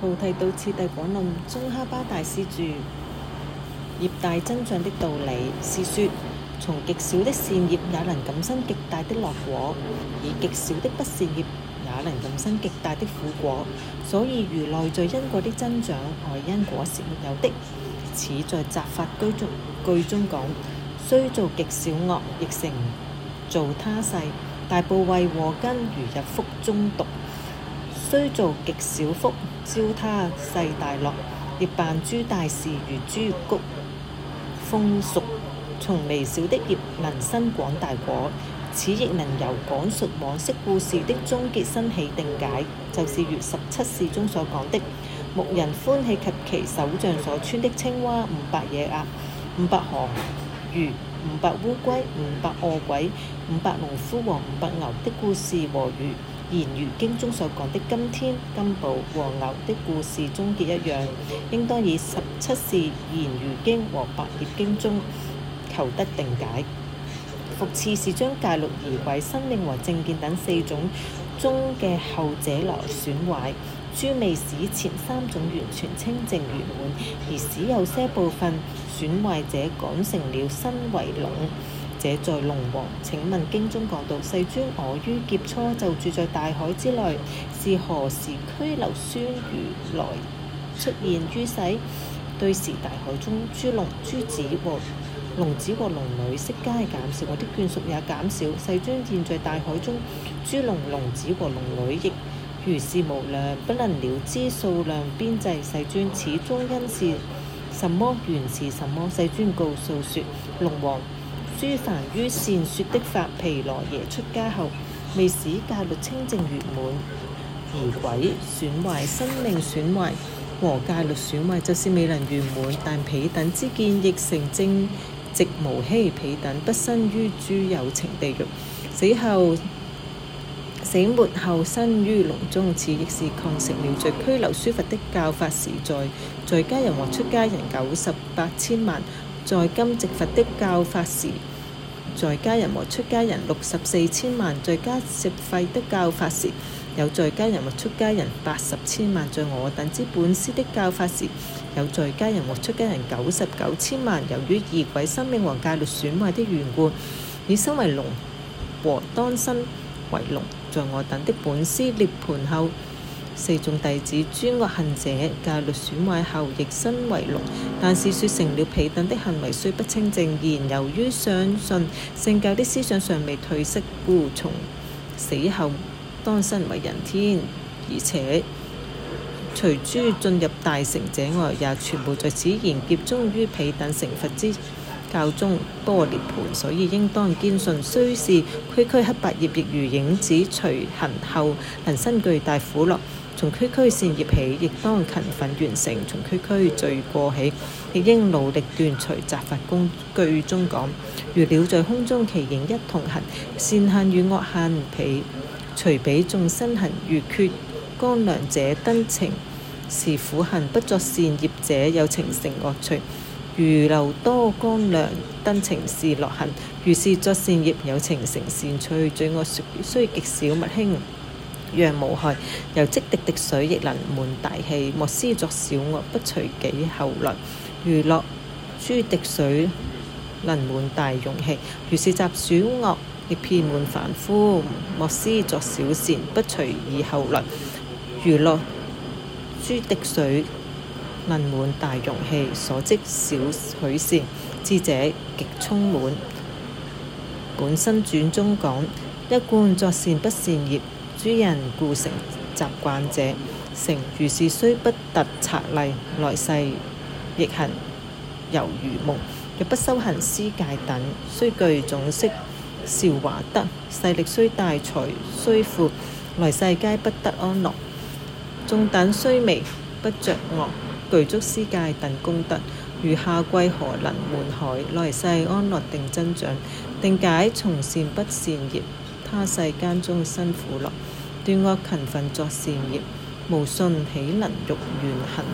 菩提道次第廣論中，哈巴大師住業大增長的道理是說：從極小的善業也能感生極大的樂果，以極小的不善業也能感生極大的苦果。所以，如內在因果的增長，外因果是沒有的。此在雜法居中句中講：雖做極小惡，亦成做他世大部惠和根，如入腹中毒。雖做極小福，招他世大樂；亦辦諸大事，如諸谷豐熟，從微小的業能生廣大果。此亦能由講述往昔故事的終結生起定解，就是月十七事中所講的牧人歡喜及其手杖所穿的青蛙、五百野鴨、五百河魚、五百烏龜、五百餓鬼、五百農夫和五百牛的故事和語。言如經》中所講的今天金寶和牛的故事終結一樣，應當以十七事《言如經》和《百業經》中求得定解。復次是將戒律、儀軌、生命」和正見等四種中嘅後者流損壞，諸未使」前三種完全清淨圓滿，而使有些部分損壞者講成了身為龍。這在龍王，請問經中講到，世尊我於劫初就住在大海之內，是何時拘留孫如來出現於世？對時大海中諸龍諸子和龍子和龍女悉皆減少，我的眷屬也減少。世尊現在大海中諸龍龍子和龍女亦如是無量，不能了知數量邊際。世尊始終因是什麼？緣是什麼？世尊告訴說龍王。諸凡於善説的法，皮羅耶出家後，未使戒律清淨圓滿，而鬼損壞生命、損壞和戒律、損壞，就是未能圓滿。但彼等之見亦成正直無欺。彼等不生於諸有情地獄，死後死沒後生於龍中，此亦是抗食了罪。拘留書佛的教法時在，在在家人和出家人九十八千萬。在今植佛的教法時，在家人和出家人六十四千萬，在迦葉佛的教法時，有在家人和出家人八十千萬，在我等之本師的教法時，有在家人和出家人九十九千萬。由於異軌生命和戒律損壞的緣故，已身為龍和當身為龍，在我等的本師涅槃後。四眾弟子諸惡行者戒律損壞後亦身為龍，但是説成了彼等的行為雖不清淨，然由於相信聖教的思想尚未退色故，故從死後當身為人天，而且除諸進入大乘者外，也全部在此賢劫中於彼等成佛之教中多涅槃，所以應當堅信，雖是區區黑白業亦如影子隨行後，能生巨大苦樂。從區區善業起，亦當勤奮完成；從區區罪過起，亦應努力斷除。集法句經中講：如鳥在空中，其形一同行；善行與惡行，彼隨彼眾生行。如缺乾糧者，登程是苦行；不作善業者，有情成惡趣。如流多乾糧，登程是樂行。如是作善業，有情成善趣。罪惡雖極小，勿輕，樣無害，由積滴滴水亦能滿大器。莫思作小惡，不隨己後來；如落珠滴水能滿大容器，如是集小惡，亦遍滿凡夫。莫思作小善，不隨己後來；如落珠滴水能滿大容器，所積小許善，智者極充滿。本生論中講，一貫作善不善業。諸人故成習慣者，成如是雖不特察例，來世亦行猶如夢。若不修行施戒等，雖具種色韶華德，勢力雖大財，財雖富，來世皆不得安樂。種等雖微，不着惡，具足施戒等功德，如夏季何能滿海？來世安樂定增長，定解從善不善業。他世間中辛苦樂，斷惡勤奮作善業，無信豈能欲願行？